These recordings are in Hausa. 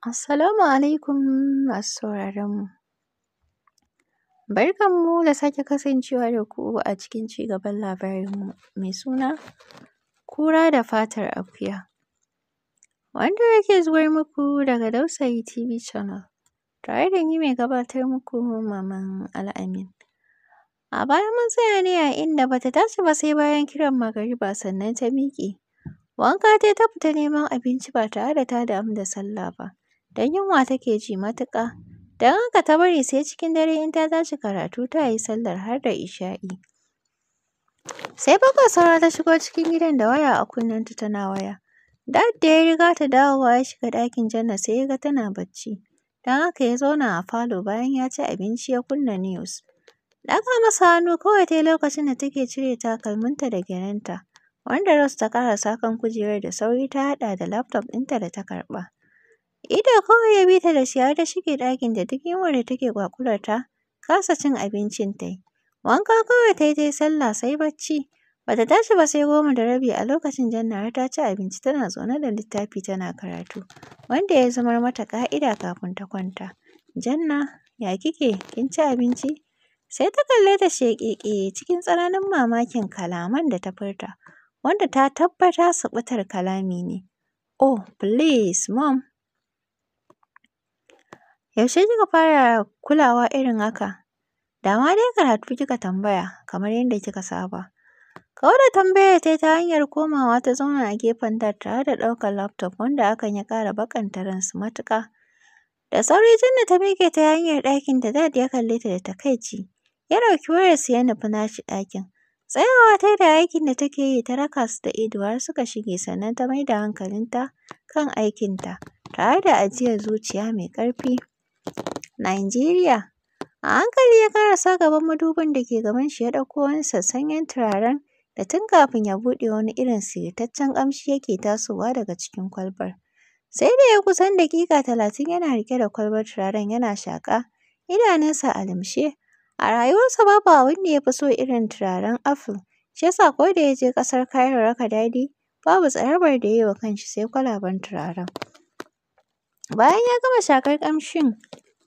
Assalamu alaikum masu sauraron mu. Barkan mu da sake kasancewa da ku a cikin cigaban labarin mu mai suna kura da fatar akuya. Wanda yake zuwar muku daga Dausayi TV Channel tare da ni mai gabatar muku Maman Al'amin. A baya mun tsaya ne a inda bata tashi ba sai bayan kiran magariba sannan ta miƙe. Wanka tai ta fita neman abinci ba tare da ta damu da sallah ba. don yunwa take ji matuƙa. Don haka ta bari sai cikin dare in ta tashi karatu ta yi sallar har da isha'i. Sai bakwai saura ta shigo cikin gidan da waya a kunnenta tana waya. Dad da ya riga ta dawowa ya shiga ɗakin Janna sai ya ga tana bacci. Don haka ya zauna a falo bayan ya ci abinci ya kunna news. Ɗaga masa hannu kawai ta yi lokacin da take cire takalminta da gyalenta. Wanda Rose ta ƙarasa kan kujerar da sauri ta haɗa da laptop ɗinta da ta karɓa. ida kawai ya bi ta da shi har ta shige ɗakin da duk yunwar da take ta kasa cin abincin ta yi. Wanka kawai ta yi ta yi sallah sai bacci. Ba ta tashi ba sai goma da rabi a lokacin Janna har ta ci abinci tana zaune da littafi tana karatu, wanda ya zamar mata ƙa'ida kafin ta kwanta. Janna, ya kike? Kin ci abinci? Sai ta kalle ta sheƙeƙe cikin tsananin mamakin kalaman da ta furta, wanda ta tabbata suɓutar kalami ne. Oh, please mom, Yaushe kika fara kulawa irin haka? Da ma dai karatu kika tambaya kamar yadda kika saba. Kawar da tambayar tayi ta hanyar komawa ta zauna a gefen dad tare da ɗaukar laptop wanda hakan ya ƙara baƙanta ransu matuƙa. Da sauri Jannat ta miƙe ta hanyar ɗakin ta dad ya kalle ta da takaici. Ya ɗauki wayarsa ya nufi nashi ɗakin. Tsayawa yi da aikin da take yi ta raka su da ido har suka shige sannan ta maida hankalinta kan aikinta tare da ajiyar zuciya mai ƙarfi. Najeriya a hankali ya sa gaban madubin da ke gaban shi ya ɗauko wani sassanyen turaren da tun kafin ya buɗe wani irin siritaccen ƙamshi yake tasowa daga cikin kwalbar, sai da ya kusan daƙiƙa talatin yana riƙe da kwalbar turaren yana shaƙa, idanunsa a lumshe. A rayuwarsa babu abin da ya fi so irin turaren aful, shi ya sa ko da ya je ƙasar Cairo Raka daɗi, babu tsarabar da ya yi wa kanshi sai kwalaben turaren. Bayan ya gama shaƙar ƙamshin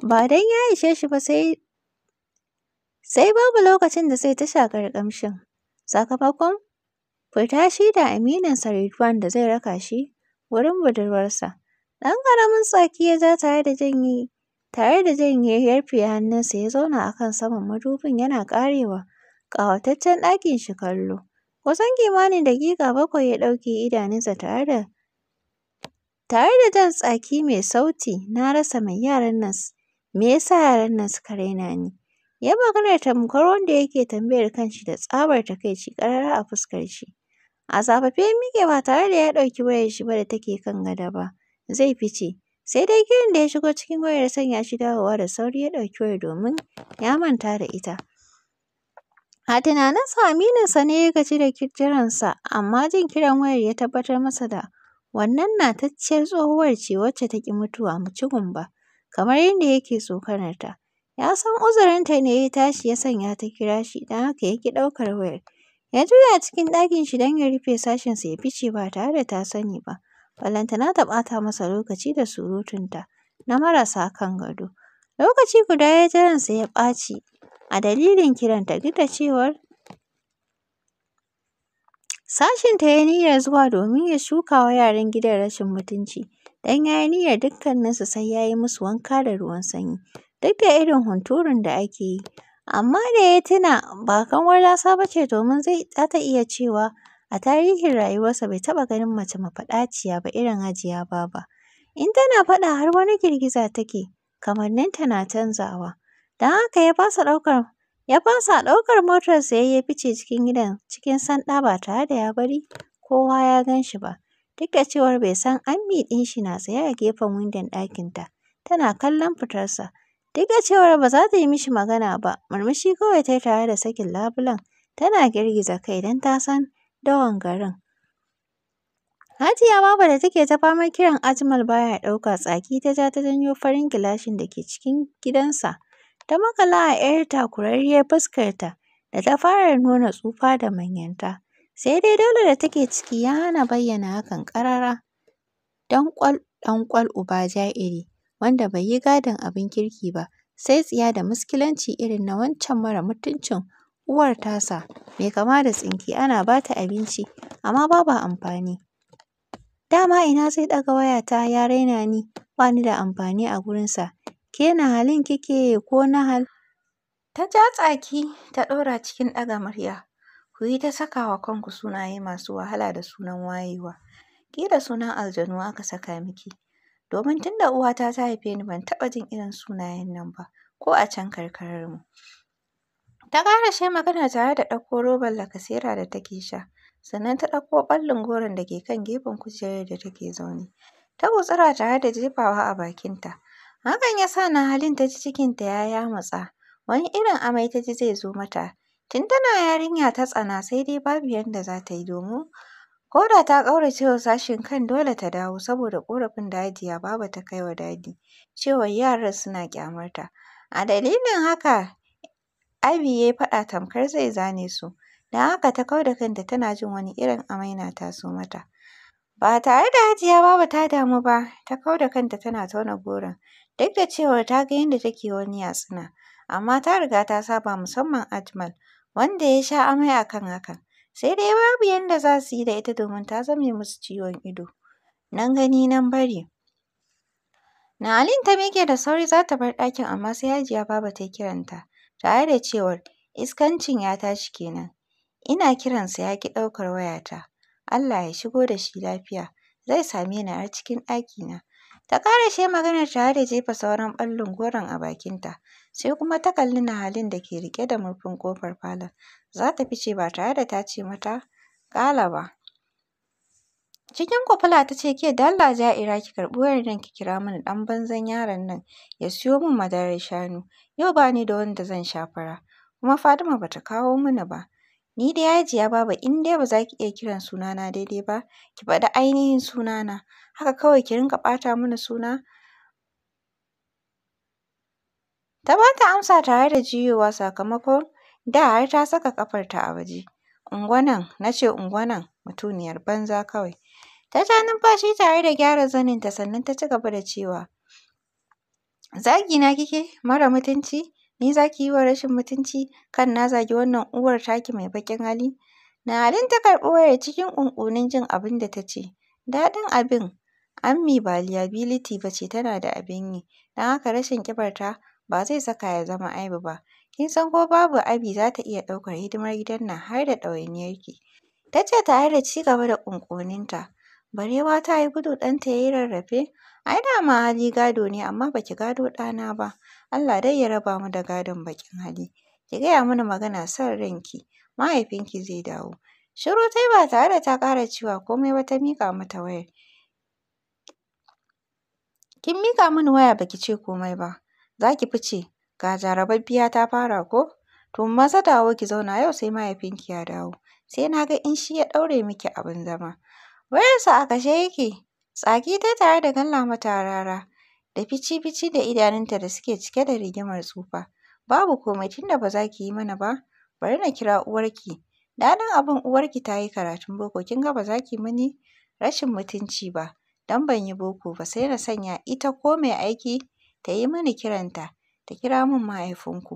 Ba don ya ishe shi ba sai sai babu lokacin da zai ta shakar ƙamshin. Sakamakon fita shi da amininsa Ridwan da zai raka shi wurin budurwarsa. Ɗan ƙaramin tsaki ya ja tare da janye tare da janye ya rufe hannunsa ya zauna a kan saman madubin yana ƙarewa ƙawataccen ɗakin shi kallo. Kusan kimanin daƙiƙa bakwai ya ɗauke idanunsa tare da tare da jan tsaki mai sauti na rasa mai yaran nan Me ya sa yaran nan suka raina ni? Ya yi maganar tamkar wanda yake tambayar kanshi da tsabar takaici ƙarara a fuskar shi. A zafafe ya ba tare da ya ɗauki wayar shi ba da take kan gado ba. Zai fice. Sai dai kiran da ya shigo cikin wayar ya sanya shi dawowa da sauri ya ɗauki wayar domin ya manta da ita. A tunaninsa sa ne ya gaji da jiransa amma jin kiran wayar ya tabbatar masa da wannan natacciyar tsohuwar ce wacce ta ƙi mutuwa mu ci gumba. kamar yadda yake tsokanarta. Ya san uzurinta ne ya tashi ya sanya ta kira shi don haka ya ƙi ɗaukar wayar. Ya juya cikin ɗakin shi don ya rufe sashinsa ya fice ba tare da ta sani ba. Ballantana ta ɓata masa lokaci da surutunta na marasa kan gado. Lokaci guda ya ji ransa ya ɓaci a dalilin kiranta duk da cewar sashinta ya niyyar zuwa domin ya shuka wa yaran gidan rashin mutunci. Ɗan niyyar dukkaninsu sai ya yi musu wanka da ruwan sanyi, duk da irin hunturun da ake yi, amma da ya tuna ba kanwar Lasa ba ce domin za ta iya cewa a tarihin rayuwarsa bai taɓa ganin mace mafaɗaciya ba irin Hajiya Baba. In tana faɗa har wani girgiza take, kamanninta na canzawa, don haka ya fasa ɗaukar ya fasa ɗaukar motarsa ya fice cikin gidan cikin sanɗa ba tare da ya bari kowa ya gan shi ba. duk da cewar bai san ammi ɗin shi na tsaye a gefen windon ɗakinta tana kallon fitarsa. Duk da cewar ba za ta yi mishi magana ba, murmushi kawai ta yi tare da sakin labulen, tana girgiza kai don ta san dawan garin. Hajiya babu da take ta fama kiran Ajmal baya ɗauka tsaki ta ja ta janyo farin gilashin da ke cikin gidansa. Ta maƙala a 'yar takurarriyar fuskarta da ta fara nuna tsufa da manyanta. sai dai dole da take ciki ya hana bayyana hakan ƙarara. Danƙwal ɗanƙwal uba ja'iri wanda bai yi gadin abin kirki ba sai tsiya da muskilanci irin na wancan mara mutuncin uwar tasa mai kama da tsinke ana ba ta abinci amma babu amfani. Dama ina zai ɗaga wayata ya raina ni ba ni da amfani a gurinsa ke na halin kike ko na hal? Ta ja tsaki ta ɗora cikin ɗaga murya Ku yi ta sakawa kanku sunaye masu wahala da sunan wayewa. Ƙila sunan aljanu aka saka miki. Domin tun da uwata ta haife ni ban taɓa jin irin sunayen nan ba, ko a can karkarar mu Ta shi magana tare da ɗauko roban lakasera da take sha, sannan ta ɗauko ɓallin goron da ke kan gefen kujerar da take zaune. Ta gutsura tare da jefawa a bakinta. Hakan ya sa halin ta ji cikin ta ya yamutsa. Wani irin amai ta ji zai zo mata, Tun tana yarinya ta tsana sai dai babu yadda za ta yi domin ko da ta ƙaurace wa sashin kan dole ta dawo saboda ƙorafin da Hajiya Baba ta kai wa Dadi cewar yaran suna ƙyamarta. A dalilin haka Abi ya yi faɗa tamkar zai zane su, don haka ta kau da kanta tana jin wani irin amai na taso mata. Ba tare da Hajiya Baba ta damu ba, ta kau da kanta tana tauna goron, duk da cewa ta ga yadda take wani yatsuna, amma ta riga ta saba musamman Ajmal wanda ya sha amai a kan hakan, sai dai babu yadda za su yi da ita domin ta zame musu ciwon ido. Nan gani nan bari. Na'alin ta miƙe da sauri za ta bar ɗakin amma sai Hajiya Baba ta kiranta, tare da cewar iskancin ya tashi kenan. Ina kiransa ya ƙi ɗaukar wayata. Allah ya shigo da shi lafiya, zai same ni har cikin ɗakina. Ta ƙarashe maganar tare da jefa sauran ɓallin goron a bakinta, sai kuma ta kalli na halin da ke rike da murfin kofar falon. Za ta fice ba tare da ta ce mata ƙala ba. Cikin kufula ta ce, ke dalla ja'ira ki karɓi wayar nan ki kira mini ɗan banzan yaron nan ya siyo min madarar shanu. Yau ba ni da wanda zan shafara, kuma Fatima ba ta kawo mini ba. Ni dai yajiya Baba in dai ba za ki iya kiran sunana daidai ba, ki faɗi ainihin sunana. Haka kawai ki rinƙa ɓata mana suna. Ta bata amsa tare da jiyowa sakamakon da har ta saka ƙafarta a waje. Ungwanan, nace ungwanan, mutuniyar banza kawai. Ta ja numfashi tare da gyara zaninta sannan ta cigaba da cewa, Zagi, na kike, mara mutunci, ni zaki yi wa rashin mutunci kan na zagi wannan uwar taki mai baƙin hali. halin ta karɓi wayar cikin ƙunƙunin jin abinda ta ce. Daɗin abin, Ammi ba liability ba ce tana da abin yi, don haka rashin ta ba zai saka ya zama aibu ba. Kin san ko babu Abi za ta iya ɗaukar hidimar gidan nan har da ɗawainiyarki. Ta ce tare da ci gaba da ta Barewa ta yi gudu ɗanta ya yi rarrafe. Ai ma hali gado ne amma ba ki gado ɗana ba. Allah dai ya raba mu da gadon baƙin hali. Ki gaya mana magana son ranki. Mahaifinki zai dawo. Shiru ta ba tare da ta ƙara cewa komai ba ta miƙa mata wayar. Kin mika mini waya baki ce komai ba. Za ki fice, ga jarababbiya ta fara ko? To maza dawo ki zauna yau sai mahaifinki ya dawo. Sai na ga in shi ya ɗaure miki abin zama. Wayarsa a kashe yake. Tsaki ta tare da galla mata rara. Da fici-fici da idanunta da suke cike da rigimar tsufa. Babu komai tunda ba za ki yi mana ba, bari na kira uwarki. Da nan abin uwarki ta yi karatun boko kin ga ba za ki mini rashin mutunci ba. don ban yi boko ba sai na sanya ita ko mai aiki ta yi mini kiranta ta kira min mahaifinku.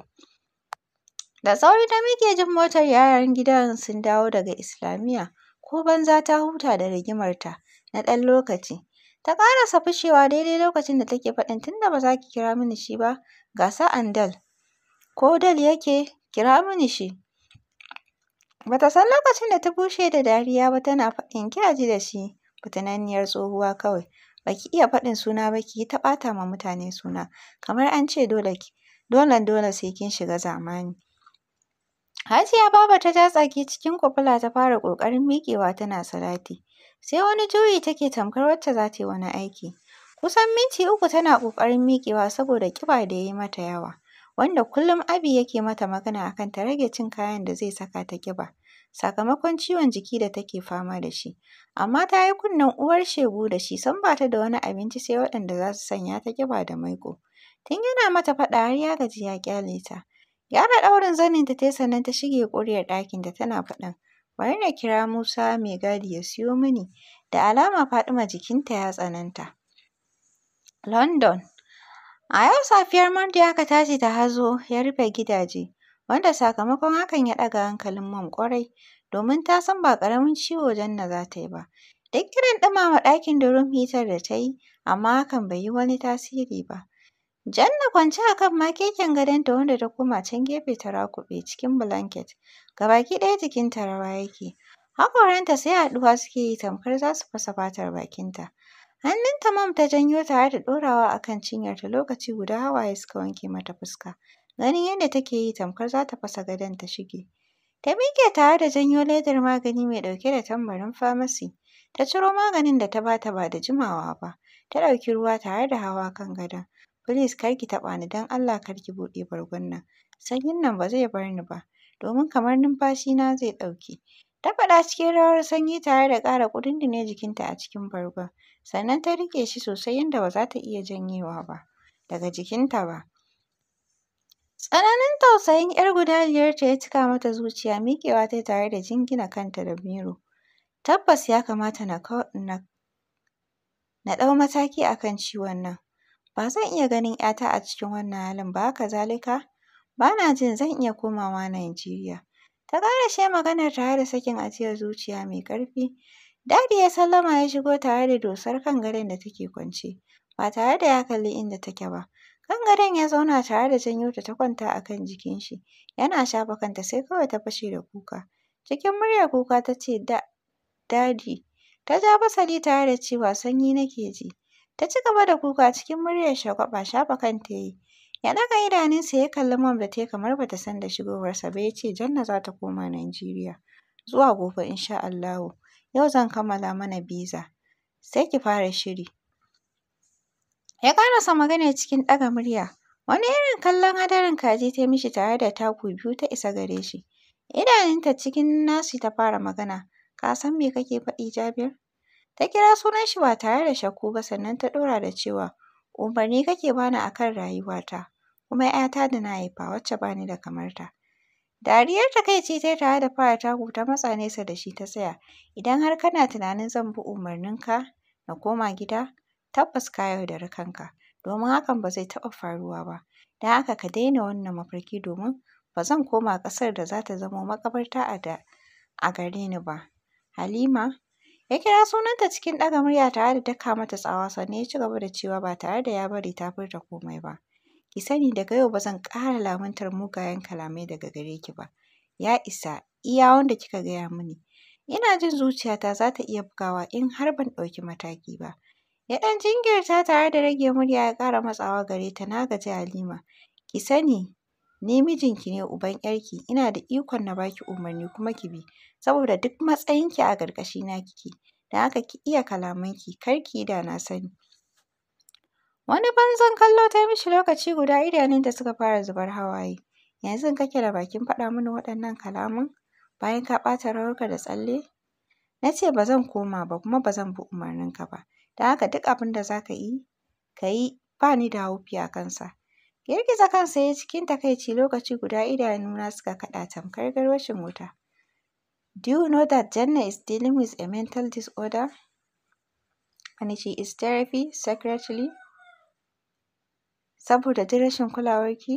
Da sauri na miƙe jin motar yaran gidan sun dawo daga Islamiyya ko banza ta huta da rigimarta na ɗan lokaci. Ta ƙarasa fushewa daidai lokacin da take faɗin tunda ba za ki kira mini shi ba ga sa'an dal ko dal yake kira mini shi. Ba ta san lokacin da ta bushe da dariya ba tana faɗin kya ji da shi fitinanniyar tsohuwa kawai. Baki iya faɗin suna ba ki yi ta ɓata ma mutane suna, kamar an ce dole ki dolen dole sai kin shiga zamani. Hajiya Baba ta ja tsaki cikin kufula ta fara ƙoƙarin miƙewa tana salati. Sai wani juyi take tamkar wacce za ta yi wani aiki. Kusan minti uku tana ƙoƙarin miƙewa saboda ƙiba da ya yi mata yawa, wanda kullum Abi yake mata magana a kan ta rage cin kayan da zai saka ta ƙiba. sakamakon ciwon jiki da take fama da shi, amma ta yi kunnen uwar shegu da shi sam bata da wani abinci sai waɗanda za su sanya ta kiba da maiko. Tun yana mata faɗa har ya gaji ya ƙyale ta. Gyara ɗaurin zaninta ta yi sannan ta shige ƙuryar da tana faɗan, bari na kira Musa mai gadi ya siyo mini, da alama faɗuma jikinta ya tsananta. London A yau safiyar Monday aka tashi ta hazo ya rufe gidaje. wanda sakamakon hakan ya ɗaga hankalin mam ƙwarai domin ta san ba ƙaramin ciwo Janna za ta yi ba. Duk kiran ɗumama ɗakin da room heater da ta yi, amma hakan bai yi wani tasiri ba. Janna kwance a kan makeken gadonta wanda ta koma can gefe ta rakuɓe cikin blanket. Gabaki ɗaya jikinta rawa yake. Haƙoranta sai haɗuwa suke yi tamkar za su fasa fatar bakinta. Hannunta mam ta janyo tare da ɗorawa a kan cinyarta lokaci guda hawaye suka wanke mata fuska. Ganin yadda take yi tamkar za ta fasa gadon ta shige. Ta miƙe tare da janyo ledar magani mai ɗauke da tambarin famasi. Ta ciro maganin da ta ba ta ba da jimawa ba. Ta ɗauki ruwa tare da hawa kan gadon. Please kar ki taɓa ni don Allah kar ki buɗe bargon nan. Sanyin nan ba zai bar ni ba domin kamar numfashi na zai ɗauke. Ta faɗa cikin rawar sanyi tare da ƙara ƙudindine jikinta a cikin bargon. Sannan ta riƙe shi sosai yadda ba za ta iya janyewa ba daga jikinta ba. Tsananin tausayin 'yar guda ta ya cika mata zuciya, miƙewa yi tare da jingina kanta da biro. Tabbas ya kamata na ɗau mataki a kan ciwon nan. Ba zan iya ganin 'yata a cikin wannan halin ba, haka zalika ba na jin zan iya komawa Najeriya. Ta ƙarashe maganar tare da sakin ajiyar zuciya mai ƙarfi. Dadi ya sallama ya shigo tare da dusar kan gadon da take kwance, ba tare da ya kalli inda take ba. Kan ya zauna tare da janyo ta ta kwanta a kan jikin shi, yana shafa kanta sai kawai ta fashe da kuka. Cikin muryar kuka ta ce da dadi, ta ja fasali tare da cewa sanyi nake ji. Ta ci gaba da kuka cikin muryar shagwaɓa shafa kanta ya yi. Ya ɗaga idanunsa ya kalli mom da ta yi kamar ba ta san da shigowarsa ba ya ce Janna za ta koma Najeriya zuwa gobe insha Allahu. Yau zan kammala mana biza, sai ki fara shiri. Ya karasa magana cikin ɗaga murya. Wani irin kallon hadarin kaji ta mishi tare da taku biyu ta isa gare shi. Idanunta cikin nasu ta fara magana. Ka san me kake faɗi Jabir? Ta kira sunan shi ba tare da shakku ba sannan ta ɗora da cewa umarni kake bani akan rayuwata kuma ‘yata da na haifa wacce bani da kamar ta. Dariyar takaici tayi tare da fara taku ta matsa nesa da shi ta tsaya. Idan har kana tunanin zan bi ka na koma gida tabbas ka yaudari kanka domin hakan ba zai taɓa faruwa ba don haka ka daina wannan mafarki domin ba zan koma ƙasar da za ta zamo maƙabarta a da a gare ni ba Halima ya kira sunanta cikin ɗaga murya tare da daka mata tsawa sannan ya ci gaba da cewa ba tare da ya bari ta furta komai ba ki sani daga yau ba zan ƙara lamuntar mugayen kalamai daga gare ki ba ya isa iya wanda kika gaya mini ina jin zuciyata za ta iya bugawa in har ban ɗauki mataki ba Ya dan jinkirta tare da rage murya ya kara matsawa gare ta, na gaji Halima. Ki sani ni mijinki ne uban ‘yarki, ina da ikon na baki umarni kuma ki bi, saboda duk matsayinki a na kike, dan haka ki iya kalaman ki kar ki yi da na sani. Wani banzan kallo ta yi mishi lokaci guda idanunta suka fara zubar hawaye. Yanzu in kake da bakin faɗa mini waɗannan kalaman bayan ka bata rawarka da tsalle? Na ce ba zan koma ba kuma ba zan bi umarninka ba. Da haka duk abin da za ka yi, ka yi ba ni da haufi a kansa. Girgiza kansa ya cikin takaici lokaci guda idanuna suka kaɗa tamkar garwashin wuta. Do you know that Janna is dealing with a mental disorder? And she is therapy secretly. Saboda duk rashin kulawarki.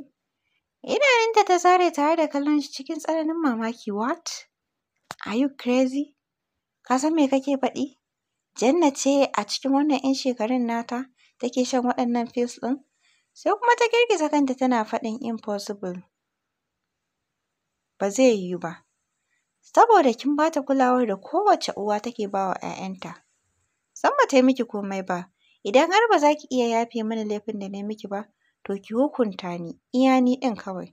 Idanunta ta zare tare da kallon shi cikin tsananin mamaki. What? Are you crazy? Ka san me kake faɗi? Janna ce a cikin wannan 'yan shekarun nata take shan waɗannan pills ɗin? Sai kuma ta girgiza kanta tana faɗin impossible. Ba zai yiwu ba. Saboda kin ba ta kulawar da kowace uwa take ba wa 'ya'yanta. San ba ta yi miki komai ba. Idan har ba za ki iya yafe mini laifin da na yi miki ba, to ki hukunta ni, iya ni ɗin kawai.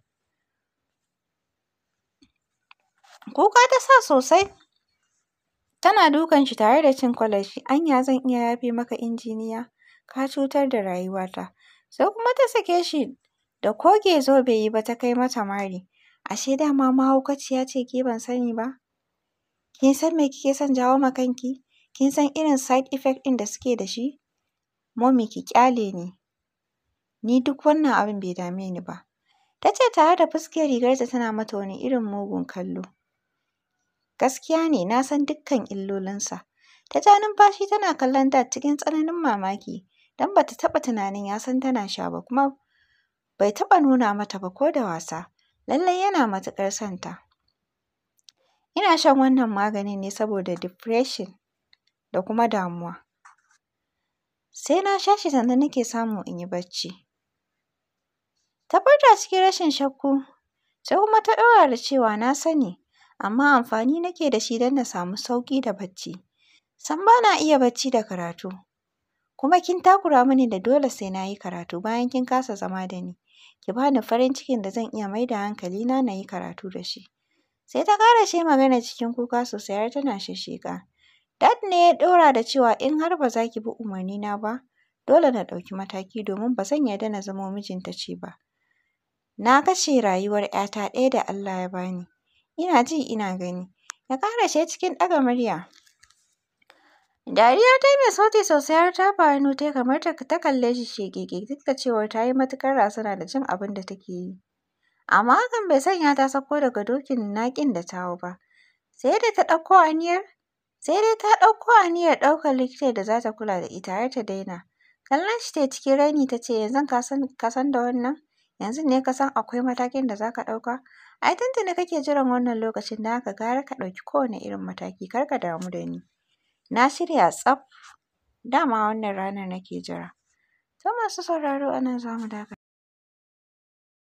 Kuka ta sa sosai, Tana dukan shi tare da cin kwalashi, anya zan iya yafe maka injiniya, ka cutar da rayuwata. Sai kuma ta sake shi da koge zo bai yi ba ta kai mata mari. Ashe dama mahaukaciya ce ke ban sani ba? Kin san me kike son jawo ma kanki? Kin san irin side effect ɗin da suke da shi? Mommy ki ƙyale ne. Ni duk wannan abin bai dame ni ba. Ta ce tare da fuskiyar rigarta tana mata wani irin mugun kallo. Gaskiya ne, na san dukkan illolinsa. Ta ja numfashi tana kallon Dad cikin tsananin mamaki don ba ta taɓa tunanin ya san tana sha ba kuma bai taɓa nuna mata ba ko da wasa. Lallai yana matuƙar santa. Ina shan wannan maganin ne saboda depression da kuma damuwa. Sai na sha shi sannan nake samu in yi bacci. Ta farka cikin rashin shakku sai kuma ta ɗora da cewa na sani amma amfani nake da shi don na samu sauƙi da bacci. Sam ba na iya bacci da karatu, kuma kin takura mini da dole sai na yi karatu bayan kin kasa zama da ni. Ki ba ni farin cikin da zan iya mai da hankali na na yi karatu da shi. Sai ta ƙara shi magana cikin kuka sosai har tana shishshiƙa. Dad ne ya ɗora da cewa in har ba za ki bi umarnina ba, dole na ɗauki mataki domin ba zan yarda na zamo mijinta ce ba. Na kashe rayuwar 'yata ɗaya da Allah ya bani. ina ji ina gani. Ya ƙarashe cikin ɗaga murya. Dariya ta mai sauti sosai har ta fara hannu ta kamar ta kalle shi shegege duk da cewar ta yi matuƙar rasana da jin abin da take yi. Amma hakan bai sanya ta sauko daga dokin naƙin da ta hau ba. Sai dai ta ɗauko aniyar sai dai ta ɗauko aniyar ɗaukar likitar da za ta kula da ita har ta daina. Kallon shi ta cikin raini ta ce yanzu ka san da wannan? Yanzu ne ka san akwai matakin da za ka ɗauka? A Ai tuntuni kake jiran wannan lokacin da haka gara ka ɗauki kowane irin mataki kar ka damu da ni. Na shirya tsaf, dama wannan ranar nake jira. To masu sauraro a zamu dakata.